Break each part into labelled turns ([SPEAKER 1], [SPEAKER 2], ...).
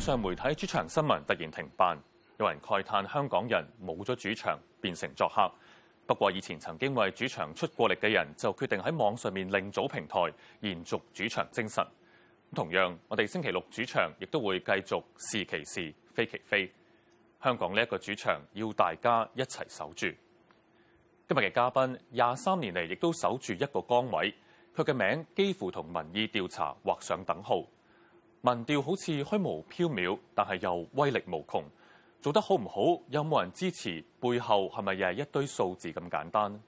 [SPEAKER 1] 上媒體主場新聞突然停辦，有人慨嘆香港人冇咗主場變成作客。不過以前曾經為主場出過力嘅人就決定喺網上面另組平台，延續主場精神。同樣，我哋星期六主場亦都會繼續是其是，非其非。香港呢一個主場要大家一齊守住。今日嘅嘉賓，廿三年嚟亦都守住一個崗位，佢嘅名幾乎同民意調查畫上等號。民調好似虛無飄渺，但係又威力無窮。做得好唔好，有冇人支持，背後係咪又係一堆數字咁簡單呢？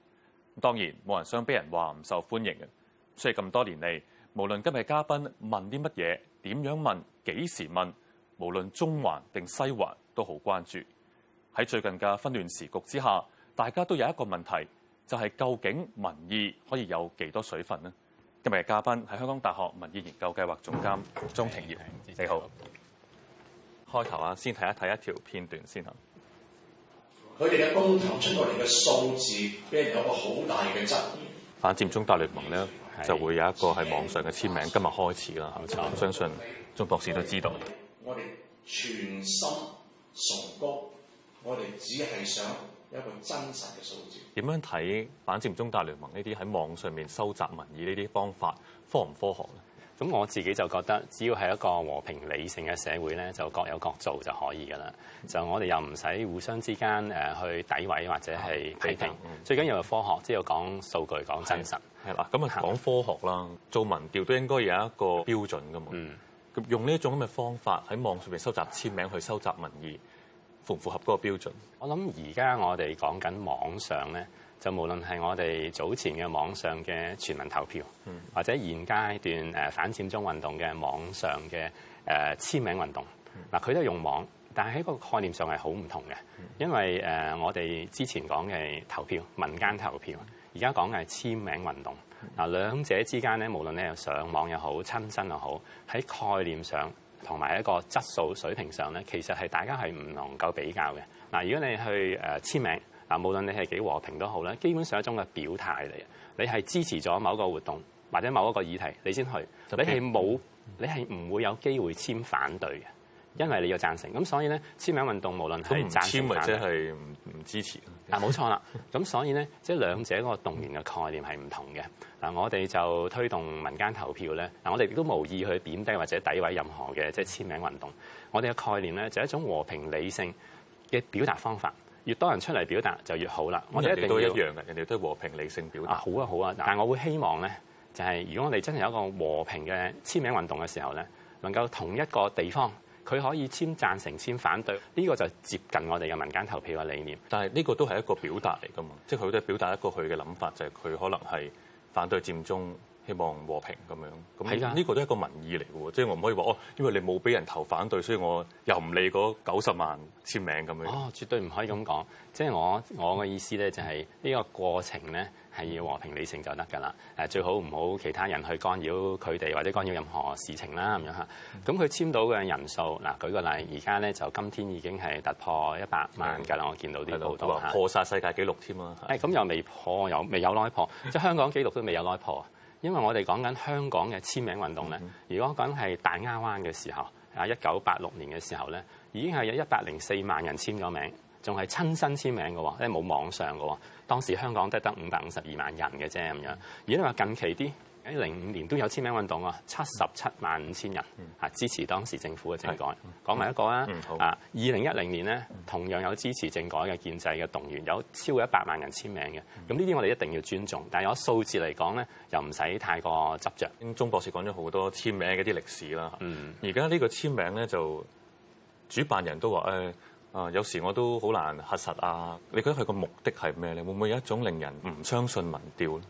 [SPEAKER 1] 當然冇人想俾人話唔受歡迎嘅。所以咁多年嚟，無論今日嘉賓問啲乜嘢，點樣問，幾時問，無論中環定西環都好關注。喺最近嘅紛亂時局之下，大家都有一個問題，就係、是、究竟民意可以有幾多水分呢？今日嘅嘉賓係香港大學民意研究計劃總監鍾庭耀，你好。開頭啊，先睇一睇一條片段先啦。佢哋嘅公投出到嚟嘅數字，俾人有個好大嘅質疑。反佔中大聯盟咧，就會有一個喺網上嘅簽名，今日開始啦，係咪？我相信鍾博士都知道。我哋全心崇高，我哋只係想。一個真實嘅數字，點樣睇反佔中大聯盟呢啲喺網上面收集民意呢啲方法科唔科學咧？咁我自己就覺得，只要係一個和平理性嘅社會咧，就各有各做就可以噶啦。嗯、就我哋又唔使互相之間誒去詆毀或者係批評。比嗯、最緊要係科學，之、就、係、係、要講數據、講真實。係啦，咁啊講科學啦，的做民調都應該有一個標準噶嘛。咁、嗯、用呢一種咁嘅方法喺網上面收集簽名去收集民意，符唔符合嗰個標準？我諗而家我哋講緊網上咧，就無論係我哋早前嘅網上嘅全民投票，嗯、或者現階段誒反佔中運動嘅網上嘅誒、呃、簽名運動，嗱佢、嗯、都用網，但係喺個概念上係好唔同嘅，嗯、因為誒、呃、我哋之前講嘅投票、民間投票，而家、嗯、講嘅係簽名運動，嗱、嗯、兩者之間咧，無論你係上網又好、親身又好，喺概念上。同埋一個質素水平上咧，其實係大家係唔能夠比較嘅嗱。如果你去誒簽名嗱，無論你係幾和平都好咧，基本上一種嘅表態嚟，你係支持咗某一個活動或者某一個議題，你先去。你係冇，你係唔會有機會簽反對嘅。因為你要贊成咁，所以咧簽名運動無論係唔贊成，或者係唔唔支持嗱，冇錯啦。咁所以咧，即係兩者個動員嘅概念係唔同嘅嗱。我哋就推動民間投票咧嗱，我哋亦都無意去貶低或者詆毀任何嘅即係簽名運動。我哋嘅概念咧就係一種和平理性嘅表達方法，越多人出嚟表達就越好啦。我哋一定人都一樣嘅，人哋都和平理性表達啊，好啊好啊。但係我會希望咧，就係、是、如果我哋真係有一個和平嘅簽名運動嘅時候咧，能夠同一個地方。佢可以簽贊成，簽反對，呢個就係接近我哋嘅民間投票嘅理念。但係呢個都係一個表達嚟㗎嘛，即係佢都係表達一個佢嘅諗法，就係佢可能係反對佔中，希望和平咁樣。係㗎，呢個都係一個民意嚟㗎喎，即係我唔可以話哦，因為你冇俾人投反對，所以我又唔理嗰九十萬簽名咁樣。哦，絕對唔可以咁講。即係我我嘅意思咧，就係呢個過程咧。係要和平理性就得㗎啦，誒最好唔好其他人去干擾佢哋或者干擾任何事情啦，咁樣吓。咁佢簽到嘅人數，嗱舉個例，而家咧就今天已經係突破一百萬㗎啦，的我見到啲都好多破晒世界紀錄添啊！誒咁又未破，又未有耐破， 即係香港紀錄都未有耐破。因為我哋講緊香港嘅簽名運動咧，如果講係大亞灣嘅時候，啊一九八六年嘅時候咧，已經係有一百零四萬人簽咗名。仲係親身簽名嘅喎，即係冇網上嘅喎。當時香港得得五百五十二萬人嘅啫咁樣。而你話近期啲喺零五年都有簽名運動啊，七十七萬五千人啊，支持當時政府嘅政改。講埋的一個啊，二零一零年咧同樣有支持政改嘅建制嘅動員，有超過一百萬人簽名嘅。咁呢啲我哋一定要尊重，但係有數字嚟講咧，又唔使太過執着。咁鍾博士講咗好多簽名嘅啲歷史啦。而家呢個簽名咧就主辦人都話誒。哎啊！有時我都好難核實啊！你覺得佢個目的係咩？你會唔會有一種令人唔相信民調咧？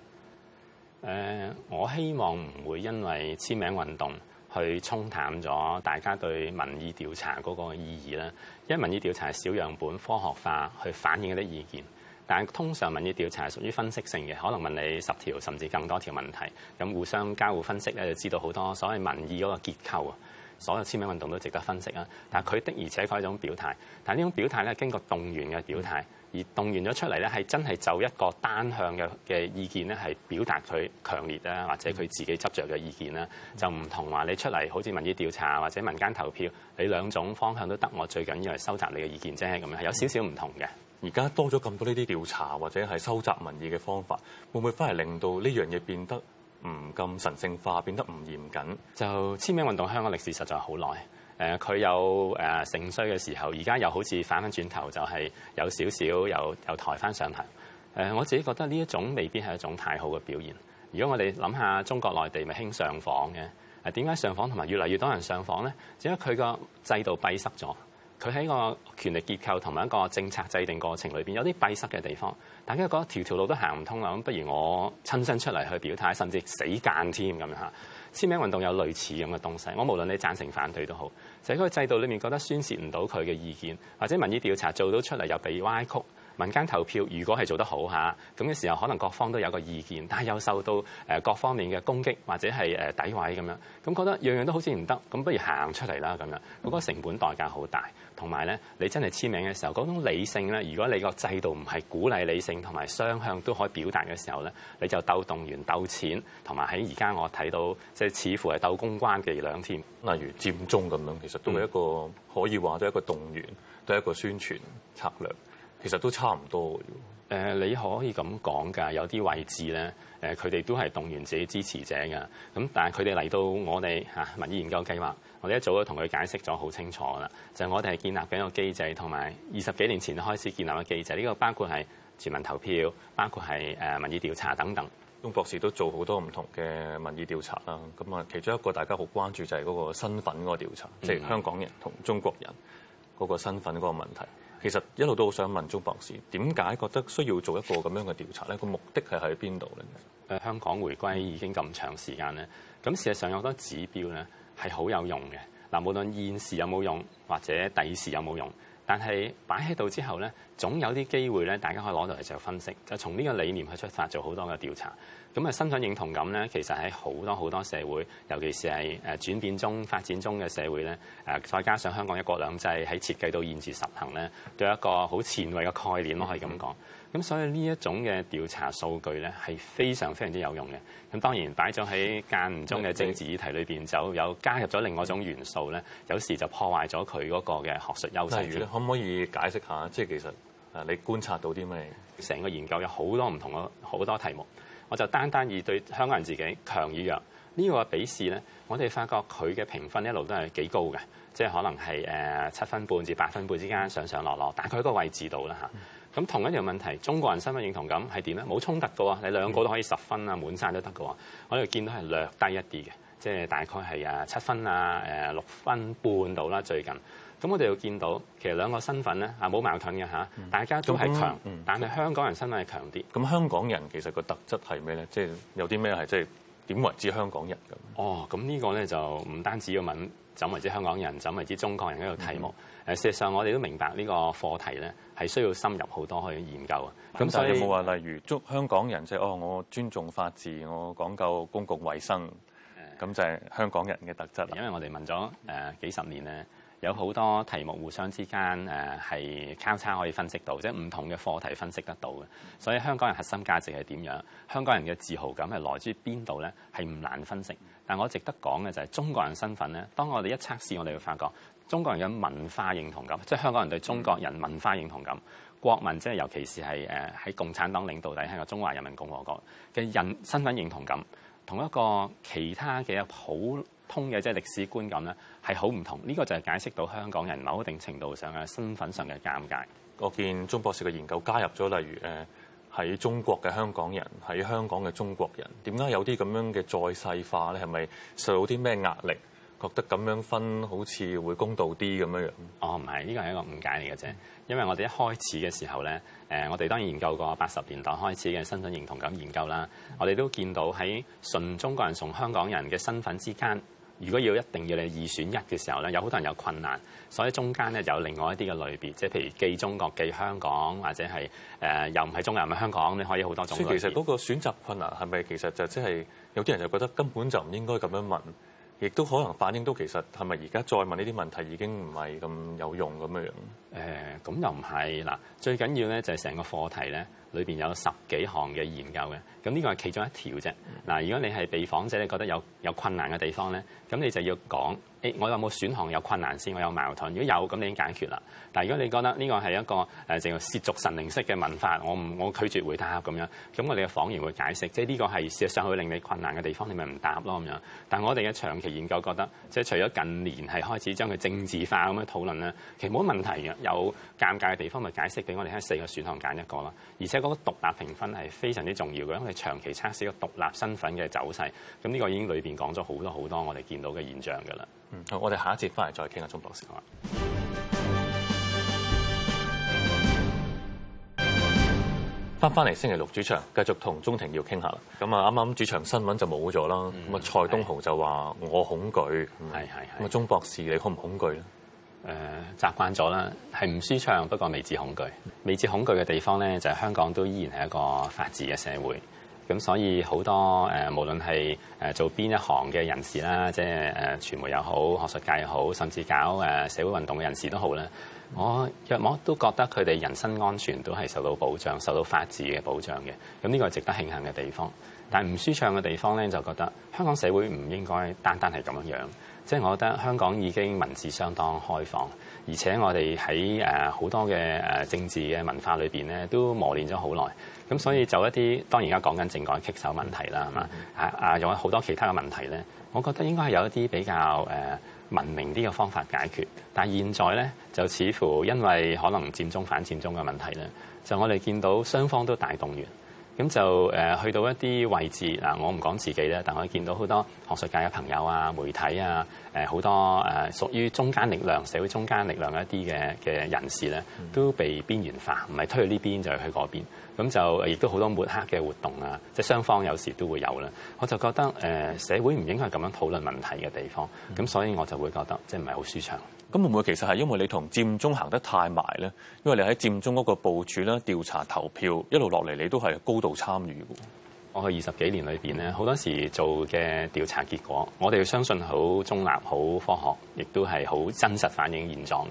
[SPEAKER 1] 呃，我希望唔會因為簽名運動去沖淡咗大家對民意調查嗰個意義啦。因為民意調查係小樣本科學化去反映嗰啲意見，但係通常民意調查係屬於分析性嘅，可能問你十條甚至更多條問題，咁互相交互分析咧，就知道好多所謂民意嗰個結構啊。所有簽名運動都值得分析啊。但係佢的而且確係一種表態，但係呢種表態咧經過動員嘅表態，而動員咗出嚟咧係真係就一個單向嘅嘅意見咧，係表達佢強烈啊，或者佢自己執着嘅意見啦，嗯、就唔同話你出嚟好似民意調查或者民間投票，你兩種方向都得，我最緊要係收集你嘅意見啫係咁樣，有少少唔同嘅。而家多咗咁多呢啲調查或者係收集民意嘅方法，會唔會反而令到呢樣嘢變得？唔咁神聖化，變得唔嚴謹，就簽名運動香港歷史實在好耐。佢、呃、有誒盛、呃、衰嘅時候，而家又好似反返轉頭就係有少少有又抬翻上嚟、呃。我自己覺得呢一種未必係一種太好嘅表現。如果我哋諗下中國內地，咪興上訪嘅？點、呃、解上訪同埋越嚟越多人上訪咧？只係佢個制度閉塞咗。佢喺個權力結構同埋一個政策制定過程裏面有啲閉塞嘅地方，大家覺得條條路都行唔通啦，咁不如我親身出嚟去表態，甚至死間添咁樣吓。簽名運動有類似咁嘅東西，我無論你贊成反對都好，就喺嗰個制度裏面覺得宣泄唔到佢嘅意見，或者民意調查做到出嚟又被歪曲。民間投票如果係做得好嚇，咁嘅時候可能各方都有個意見，但係又受到誒各方面嘅攻擊或者係誒詆毀咁樣，咁覺得樣樣都好似唔得，咁不如行出嚟啦咁樣。嗰個成本代價好大，同埋咧，你真係簽名嘅時候嗰種理性咧，如果你個制度唔係鼓勵理性同埋雙向都可以表達嘅時候咧，你就鬥動員、鬥錢，同埋喺而家我睇到即係似乎係鬥公關伎倆添，例如佔中咁樣，其實都係一個、嗯、可以話都係一個動員、都係一個宣傳策略。其實都差唔多誒，你可以咁講㗎，有啲位置咧，誒佢哋都係動員自己支持者㗎。咁但係佢哋嚟到我哋嚇民意研究計劃，我哋一早都同佢解釋咗好清楚啦。就係，我哋係建立緊一個機制，同埋二十幾年前開始建立嘅機制，呢個包括係全民投票，包括係誒民意調查等等。鍾博士都做好多唔同嘅民意調查啦。咁啊，其中一個大家好關注就係嗰個身份嗰個調查，即係香港人同中國人嗰個身份嗰個問題。其實一路都好想問鍾博士，點解覺得需要做一個咁樣嘅調查咧？個目的係喺邊度咧？誒，香港回歸已經咁長時間咧，咁事實上有好多指標咧係好有用嘅。嗱，無論現時有冇用或者第二時有冇用，但係擺喺度之後咧，總有啲機會咧，大家可以攞到嚟就分析，就從呢個理念去出發做好多嘅調查。咁啊，身份認同感咧，其實喺好多好多社會，尤其是係誒轉變中、發展中嘅社會咧。誒，再加上香港一國兩制喺設計到現時實行咧，都有一個好前衛嘅概念咯，可以咁講。咁所以呢一種嘅調查數據咧，係非常非常之有用嘅。咁當然擺咗喺間唔中嘅政治議題裏面，就有加入咗另外一種元素咧，有時就破壞咗佢嗰個嘅學術優勢。你可唔可以解釋下？即其實你觀察到啲咩？成個研究有好多唔同嘅好多題目。我就單單以對香港人自己強與弱呢個嘅比試咧，我哋發覺佢嘅評分一路都係幾高嘅，即係可能係七分半至八分半之間上上落落，大概喺個位置度啦吓。咁同一樣問題，中國人身份認同感係點咧？冇衝突過，你兩個都可以十分啊，滿晒都得喎。我又見到係略低一啲嘅，即係大概係七分啊，六分半度啦最近。咁我哋要見到其實兩個身份咧，嚇冇矛盾嘅嚇，大家都係強，嗯嗯、但係香港人身份係強啲。咁香港人其實個特質係咩咧？即、就、係、是、有啲咩係即係點為之香港人咁？哦，咁呢個咧就唔單止要問怎為之香港人，怎為之中國人一個題目。誒、嗯，事實上我哋都明白呢個課題咧係需要深入好多去研究。咁所以有冇話例如中香港人就是、哦，我尊重法治，我講究公共衞生，咁、呃、就係香港人嘅特質。因為我哋問咗誒、呃、幾十年咧。有好多題目互相之間誒，係交叉可以分析到，即係唔同嘅課題分析得到嘅。所以香港人核心價值係點樣？香港人嘅自豪感係來自於邊度呢？係唔難分析。但我值得講嘅就係中國人身份呢。當我哋一測試，我哋會發覺中國人嘅文化認同感，即係香港人對中國人文化認同感、國民，即係尤其是係喺共產黨領導底下嘅中華人民共和國嘅人身份認同感，同一個其他嘅好。通嘅即係歷史觀感咧，係好唔同。呢個就係解釋到香港人某一定程度上嘅身份上嘅尷尬。我見鍾博士嘅研究加入咗，例如誒喺中國嘅香港人，喺香港嘅中國人，點解有啲咁樣嘅再細化咧？係咪受到啲咩壓力，覺得咁樣分好似會公道啲咁樣樣？哦，唔係，呢個係一個誤解嚟嘅啫。因為我哋一開始嘅時候咧，誒我哋當然研究過八十年代開始嘅身份認同感研究啦，我哋都見到喺純中國人同香港人嘅身份之間。如果要一定要你二選一嘅時候咧，有好多人有困難，所以中間咧有另外一啲嘅類別，即係譬如既中國、既香港或者係誒、呃、又唔係中又唔係香港，你可以好多種。所以其實嗰個選擇困難係咪其實就即、是、係有啲人就覺得根本就唔應該咁樣問，亦都可能反映到其實係咪而家再問呢啲問題已經唔係咁有用咁樣。誒咁又唔係嗱，最緊要咧就係成個課題咧，裏面有十幾項嘅研究嘅，咁呢個係其中一條啫。嗱，如果你係被訪者，你覺得有有困難嘅地方咧，咁你就要講：誒、欸，我有冇選項有困難先？我有矛盾，如果有，咁你已經解決啦。但係如果你覺得呢個係一個誒，淨係褻瀆神靈式嘅問法，我唔我拒絕回答咁樣，咁我哋嘅訪員會解釋，即係呢個係事實上去令你困難嘅地方，你咪唔答咯咁樣。但我哋嘅長期研究覺得，即係除咗近年係開始將佢政治化咁樣討論咧，其實冇乜問題嘅。有尷尬嘅地方，咪解釋俾我哋喺四個選項揀一個啦。而且嗰個獨立評分係非常之重要嘅，因為長期測試個獨立身份嘅走勢。咁呢個已經裏邊講咗好多好多我哋見到嘅現象㗎啦。嗯，好，我哋下一節翻嚟再傾下，鍾博士。翻翻嚟星期六主場，繼續同鍾庭耀傾下。咁啊，啱啱主場新聞就冇咗啦。咁啊、嗯，蔡東豪就話、嗯、我恐懼。係係係咁啊，鍾博士，你恐唔恐懼咧？誒、呃、習慣咗啦，係唔舒暢，不過未至恐懼。未至恐懼嘅地方咧，就係、是、香港都依然係一個法治嘅社會。咁所以好多、呃、無論係、呃、做邊一行嘅人士啦，即係誒傳媒又好，學術界又好，甚至搞、呃、社會運動嘅人士都好啦。我若都覺得佢哋人身安全都係受到保障，受到法治嘅保障嘅。咁呢個係值得慶幸嘅地方。但係唔舒暢嘅地方咧，就覺得香港社會唔應該單單係咁樣樣。即係我覺得香港已經文字相當開放，而且我哋喺誒好多嘅政治嘅文化裏面咧，都磨練咗好耐。咁所以就一啲當然而家講緊政改棘手問題啦，係嘛？啊啊，仲有好多其他嘅問題咧。我覺得應該係有一啲比較、啊、文明啲嘅方法解決。但係現在咧，就似乎因為可能佔中反佔中嘅問題咧，就我哋見到雙方都大動員，咁就、啊、去到一啲位置嗱，我唔講自己咧，但我見到好多。學術界嘅朋友啊、媒體啊、誒好多誒屬於中間力量、社會中間力量一啲嘅嘅人士咧，都被邊緣化，唔係推去呢邊就係去嗰邊，咁就亦都好多抹黑嘅活動啊，即係雙方有時都會有啦、啊。我就覺得誒、呃、社會唔應該係咁樣討論問題嘅地方，咁所以我就會覺得即係唔係好舒暢。咁會唔會其實係因為你同佔中行得太埋咧？因為你喺佔中嗰個部署啦、調查、投票一路落嚟，你都係高度參與㗎。我過去二十幾年裏面，咧，好多時做嘅調查結果，我哋要相信好中立、好科學，亦都係好真實反映現狀嘅。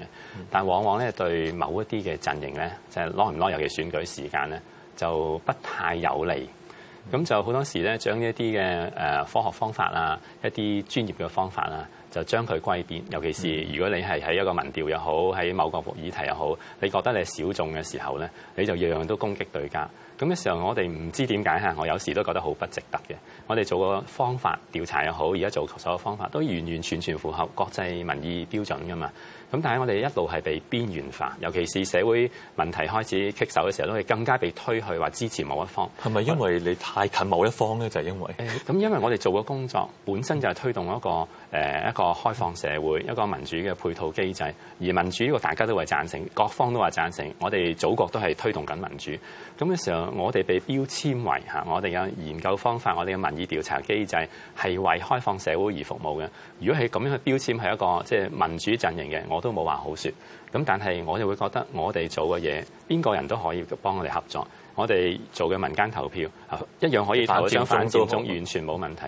[SPEAKER 1] 但往往咧對某一啲嘅陣營咧，就攞唔攞，尤其選舉時間咧，就不太有利。咁就好多時咧，將一啲嘅誒科學方法啊，一啲專業嘅方法啊，就將佢歸變。尤其是如果你係喺一個民調又好，喺某個議題又好，你覺得你係小眾嘅時候咧，你就樣樣都攻擊對家。咁嘅時候我，我哋唔知點解下，我有時都覺得好不值得嘅。我哋做個方法調查又好，而家做所有方法都完完全全符合國際民意標準噶嘛。咁但係我哋一路係被邊緣化，尤其是社會問題開始棘手嘅時候，都係更加被推去話支持某一方。係咪因為你太近某一方咧？就係、是、因為咁，因為我哋做個工作本身就係推動一個誒一個開放社會、一個民主嘅配套機制，而民主呢個大家都話贊成，各方都話贊成，我哋祖國都係推動緊民主。咁嘅時候。我哋被標籤為嚇，我哋嘅研究方法，我哋嘅民意調查機制係為開放社會而服務嘅。如果係咁樣嘅標籤係一個即係民主陣營嘅，我都冇話好説。咁但係我就會覺得我哋做嘅嘢，邊個人都可以幫我哋合作。我哋做嘅民間投票，一樣可以反佔中反佔中，完全冇問題。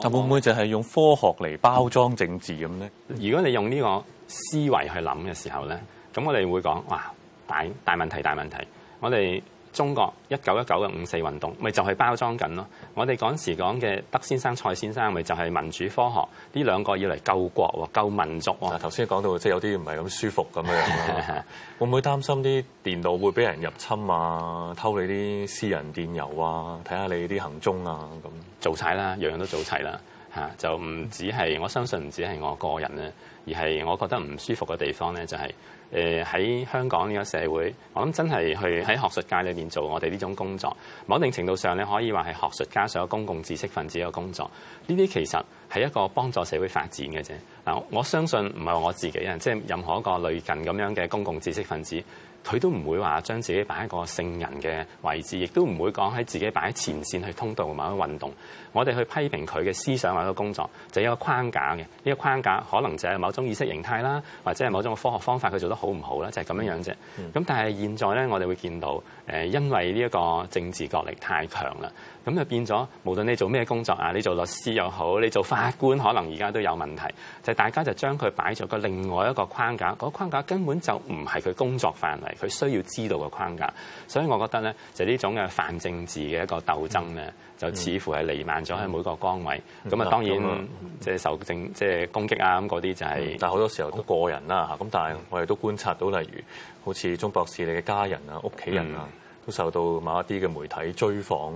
[SPEAKER 1] 就會唔會就係用科學嚟包裝政治咁咧？如果你用呢個思維去諗嘅時候咧，咁我哋會講哇，大大問題，大問題。我哋中國一九一九嘅五四運動咪就係、是、包裝緊咯。我哋嗰陣時講嘅德先生、蔡先生咪就係民主科學呢兩個要嚟救國喎、救民族喎。頭先講到即係有啲唔係咁舒服咁，樣樣 會唔會擔心啲電腦會俾人入侵啊？偷你啲私人電郵啊？睇下你啲行蹤啊？咁做晒啦，樣樣都做齊啦，嚇就唔止係我，相信唔止係我個人咧。而係我覺得唔舒服嘅地方咧，就係誒喺香港呢個社會，我諗真係去喺學術界裏面做我哋呢種工作，某一定程度上咧，可以話係學術加上公共知識分子嘅工作。呢啲其實係一個幫助社會發展嘅啫。嗱，我相信唔係我自己，即係任何一個類近咁樣嘅公共知識分子。佢都唔會話將自己擺喺一個聖人嘅位置，亦都唔會講喺自己擺喺前線去通道某一個運動。我哋去批評佢嘅思想或者工作，就係一個框架嘅。呢個框架可能就係某種意識形態啦，或者係某種科學方法，佢做得好唔好啦，就係咁樣樣啫。咁、嗯嗯、但係現在咧，我哋會見到誒，因為呢一個政治角力太強啦。咁就變咗，無論你做咩工作啊，你做律師又好，你做法官，可能而家都有問題。就是、大家就將佢擺咗個另外一個框架，嗰、那個、框架根本就唔係佢工作範圍，佢需要知道嘅框架。所以我覺得咧，就呢種嘅反政治嘅一個鬥爭咧，就似乎係瀰漫咗喺每個崗位。咁啊、嗯，嗯、就當然即係、嗯嗯、受政即係、就是、攻擊啊，咁嗰啲就係、是嗯。但好多時候都過人啦嚇。咁但係我哋都觀察到，例如好似鍾博士你嘅家人啊、屋企人啊，嗯、都受到某一啲嘅媒體追訪。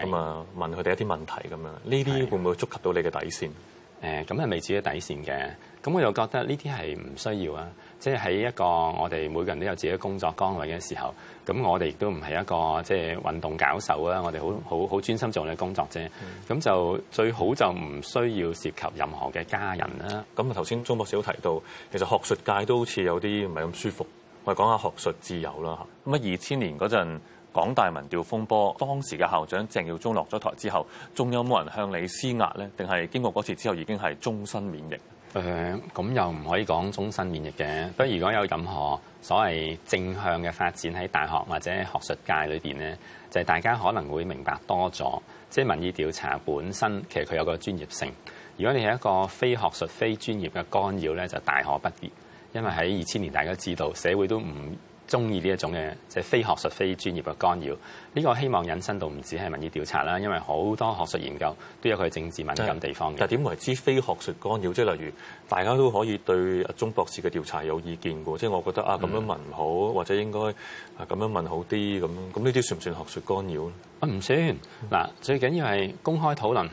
[SPEAKER 1] 咁啊，問佢哋一啲問題咁樣，呢啲會唔會觸及到你嘅底線？誒，咁係未至於底線嘅。咁我又覺得呢啲係唔需要啊。即係喺一個我哋每個人都有自己嘅工作崗位嘅時候，咁我哋亦都唔係一個即係運動搞手啊。我哋好好好專心做你嘅工作啫。咁、嗯、就最好就唔需要涉及任何嘅家人啦。咁啊、嗯，頭先鍾博士都提到，其實學術界都好似有啲唔係咁舒服。我哋講下學術自由啦。咁啊，二千年嗰陣。港大民調風波，當時嘅校長鄭耀宗落咗台之後仲有冇人向你施壓咧？定係經過嗰次之後已經係終身免疫？誒咁、呃、又唔可以講終身免疫嘅。不如如果有任何所謂正向嘅發展喺大學或者學術界裏邊咧，就係、是、大家可能會明白多咗。即、就、係、是、民意調查本身其實，佢有個專業性。如果你係一個非學術非專業嘅干擾咧，就大可不必。因為喺二千年大家知道社會都唔。中意呢一種嘅即係非學術、非專業嘅干擾。呢、這個希望引申到唔止係民意調查啦，因為好多學術研究都有佢政治敏感地方嘅。但係點為之非學術干擾？即係例如大家都可以對阿鐘博士嘅調查有意見嘅，即係我覺得啊，咁樣問唔好，嗯、或者應該咁、啊、樣問好啲咁。咁呢啲算唔算學術干擾啊，唔算嗱。最緊要係公開討論。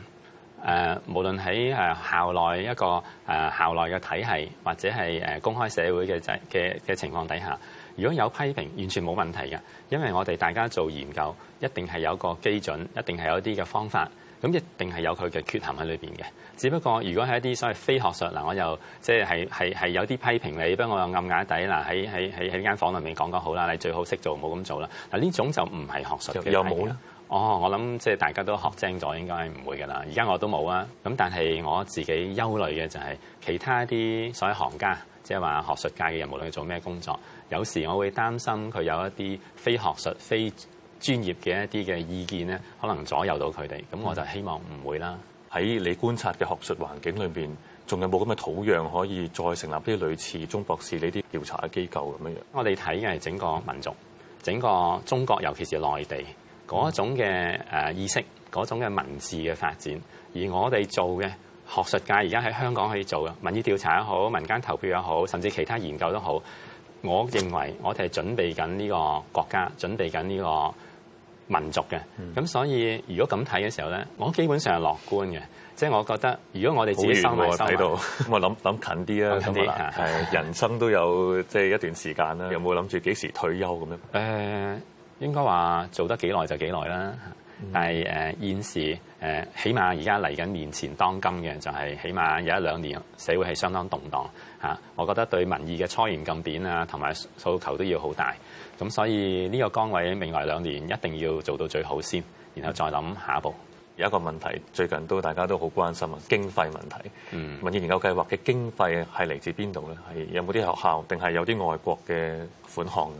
[SPEAKER 1] 誒、呃，無論喺誒校內一個誒、呃、校內嘅體系，或者係誒、呃、公開社會嘅嘅嘅情況底下。如果有批評，完全冇問題嘅，因為我哋大家做研究，一定係有個基準，一定係有一啲嘅方法，咁一定係有佢嘅缺陷喺裏邊嘅。只不過如果係一啲所謂非學術，嗱我又即係係係有啲批評你，不過我又暗啞底嗱喺喺喺喺間房裏面講講好啦，你最好識做，唔好咁做啦。嗱呢種就唔係學術嘅批評啦。有冇呢？哦，我諗即係大家都學精咗，應該唔會噶啦。而家我都冇啊。咁但係我自己憂慮嘅就係、是、其他一啲所謂行家。即係話學術界嘅人，無論去做咩工作，有時我會擔心佢有一啲非學術、非專業嘅一啲嘅意見咧，可能左右到佢哋。咁我就希望唔會啦。喺你觀察嘅學術環境裏邊，仲有冇咁嘅土壤可以再成立啲類似鍾博士呢啲調查嘅機構咁樣？我哋睇嘅係整個民族、整個中國，尤其是內地嗰種嘅誒意識、嗰種嘅文字嘅發展，而我哋做嘅。學術界而家喺香港可以做嘅民意調查也好，民間投票也好，甚至其他研究都好。我認為我哋係準備緊呢個國家，準備緊呢個民族嘅。咁、嗯、所以如果咁睇嘅時候咧，我基本上係樂觀嘅，即、就、係、是、我覺得如果我哋自己生活喺度，咁我諗諗近啲啦。係人生都有即係一段時間啦， 有冇諗住幾時退休咁樣、呃、應該話做得幾耐就幾耐啦。嗯、但係誒、呃、現時誒、呃、起碼而家嚟緊面前當今嘅，就係起碼有一兩年社會係相當動盪嚇、啊，我覺得對民意嘅初研鑑點啊同埋訴求都要好大。咁所以呢個崗位未來兩年一定要做到最好先，然後再諗下一步。有一個問題最近都大家都好關心啊，經費問題。民意研究計劃嘅經費係嚟自邊度咧？係有冇啲學校定係有啲外國嘅款項？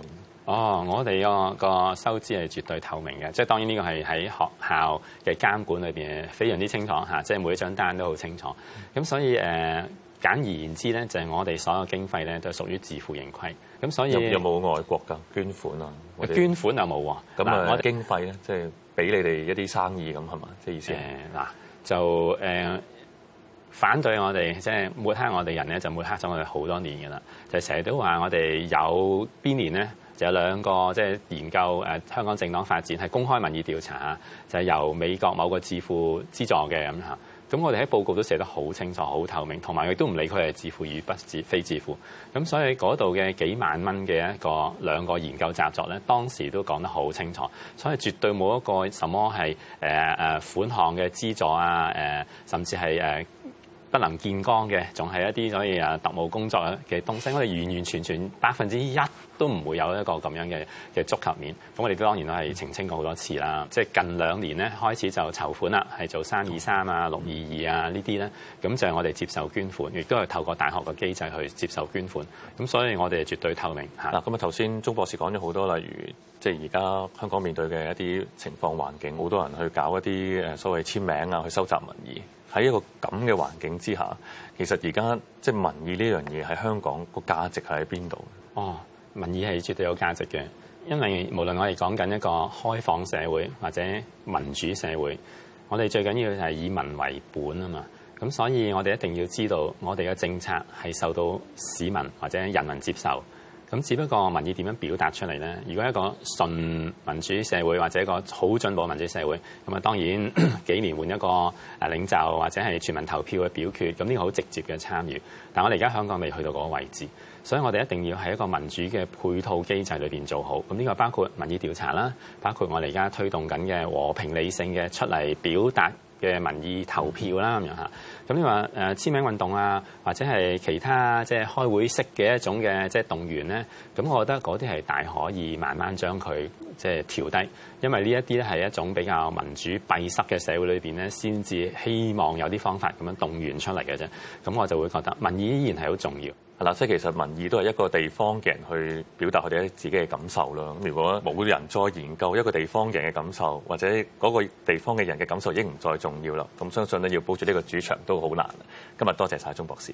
[SPEAKER 1] 哦，oh, 我哋個個收支係絕對透明嘅，即係當然呢個係喺學校嘅監管裏邊，非常之清楚嚇。即係每一張單都好清楚咁，所以誒、呃、簡而言之咧，就係、是、我哋所有經費咧都屬於自負盈虧咁，所以有冇外國㗎？捐款啊？捐款又冇喎咁啊！我經費咧，即係俾你哋一啲生意咁係嘛？即係意思係嗱、呃、就誒、呃、反對我哋即係抹黑我哋人咧，就抹黑咗我哋好多年嘅啦。就成日都話我哋有邊年咧？就有兩個即係、就是、研究誒香港政黨發展係公開民意調查嚇，就係、是、由美國某個智庫資助嘅咁嚇。咁我哋喺報告都寫得好清楚、好透明，同埋佢都唔理佢係智庫與不智非智庫。咁所以嗰度嘅幾萬蚊嘅一個兩個研究習作咧，當時都講得好清楚，所以絕對冇一個什麼係誒誒款項嘅資助啊，誒、呃、甚至係誒。呃不能見光嘅，仲係一啲所謂特務工作嘅東西，我哋完完全全百分之一都唔會有一個咁樣嘅嘅觸及面。咁我哋都當然啦係澄清過好多次啦。即係、嗯、近兩年咧開始就籌款啦，係做三二三啊、六二二啊呢啲咧，咁就係我哋接受捐款，亦都係透過大學嘅機制去接受捐款。咁所以我哋絕對透明。嗱，咁啊頭先鍾博士講咗好多，例如即係而家香港面對嘅一啲情況環境，好多人去搞一啲誒所謂簽名啊，去收集民意。喺一個咁嘅環境之下，其實而家即係民意呢樣嘢喺香港個價值係喺邊度？哦，民意係絕對有價值嘅，因為無論我哋講緊一個開放社會或者民主社會，我哋最緊要係以民為本啊嘛。咁所以我哋一定要知道，我哋嘅政策係受到市民或者人民接受。咁只不過民意點樣表達出嚟呢？如果一個純民主社會或者一個好進步民主社會，咁啊當然幾年換一個領袖或者係全民投票嘅表決，咁呢個好直接嘅參與。但我哋而家香港未去到嗰個位置，所以我哋一定要喺一個民主嘅配套機制裏面做好。咁呢個包括民意調查啦，包括我哋而家推動緊嘅和平理性嘅出嚟表達嘅民意投票啦，咁樣。咁你話誒簽名運動啊，或者係其他即係開會式嘅一種嘅即係動員咧，咁我覺得嗰啲係大可以慢慢將佢即係調低，因為呢一啲咧係一種比較民主閉塞嘅社會裏面咧，先至希望有啲方法咁樣動員出嚟嘅啫。咁我就會覺得民意依然係好重要。係啦，即係其實民意都係一個地方嘅人去表達佢哋自己嘅感受。如果冇人再研究一個地方嘅人嘅感受，或者嗰個地方嘅人嘅感受，已經唔再重要啦。咁相信咧，要保住呢個主場都好難。今日多謝曬鍾博士。